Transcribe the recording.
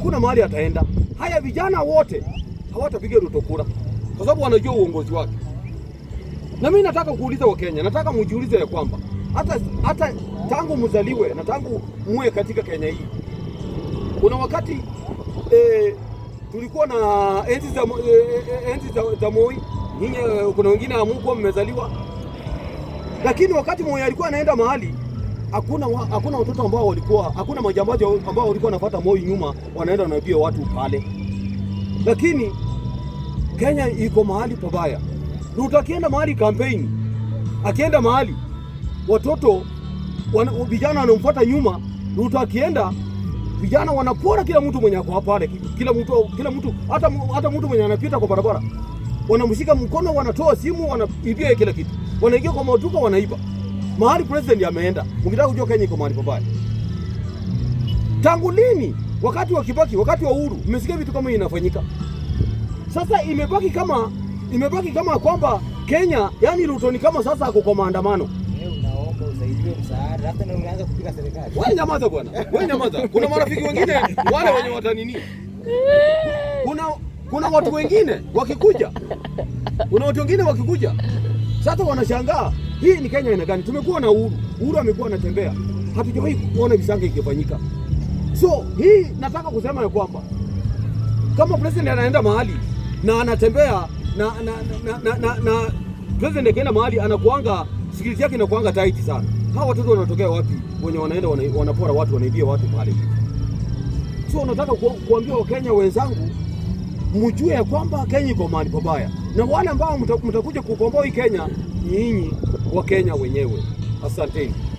hakuna mahali ataenda. Haya vijana wote hawatapiga Ruto kura kwa sababu wanajua uongozi wake. Na mimi nataka kuuliza Wakenya, nataka mujiulize ya kwamba hata hata tangu mzaliwe na tangu muwe katika Kenya hii, kuna wakati e, tulikuwa na enzi za, e, enzi za, za Moi. Nyinyi kuna wengine amuko mmezaliwa, lakini wakati Moi alikuwa anaenda mahali hakuna hakuna watoto ambao walikuwa hakuna majambazi ambao walikuwa wanafuata Moi nyuma wanaenda wanaibia watu pale, lakini Kenya iko mahali pabaya. Ruto akienda mahali kampeni, akienda mahali watoto vijana wanamfuata nyuma. Ruto akienda vijana wanapora kila mtu mwenye ako pale, kila mtu, kila mtu hata, hata mtu mwenye anapita kwa barabara wanamshika mkono, wanatoa simu, wanaibia kila kitu, wanaingia kwa maduka, wanaiba mahali president ameenda. Ukitaka kujua Kenya iko mahali pabaya, tangu lini? Wakati wa Kibaki, wakati wa Uhuru, mmesikia vitu kama inafanyika. Sasa imebaki kama imebaki kama kwamba Kenya, yani Ruto ni kama sasa ako kwa maandamano. Wewe nyamaza bwana, wewe nyamaza. Kuna marafiki wengine wale wenye watanini, kuna kuna watu wengine wakikuja, kuna watu wengine wakikuja sasa wanashangaa hii ni Kenya aina gani? Tumekuwa na uhuru, uhuru amekuwa anatembea, hatujawahi kuona visanga ikifanyika. So hii nataka kusema ya kwamba kama president anaenda mahali na anatembea na, na, na, na, na, na president akienda mahali anakuanga security yake inakuanga tight sana. Hawa watoto wanatokea wapi? Wenye wanaenda wanapora watu, wanaibia watu pale. So nataka kuambia Wakenya wenzangu mjue ya kwamba Kenya iko mahali pabaya, na wale ambao mtakuja kukomboa hii Kenya ni nyinyi wa Kenya wenyewe. Asanteni.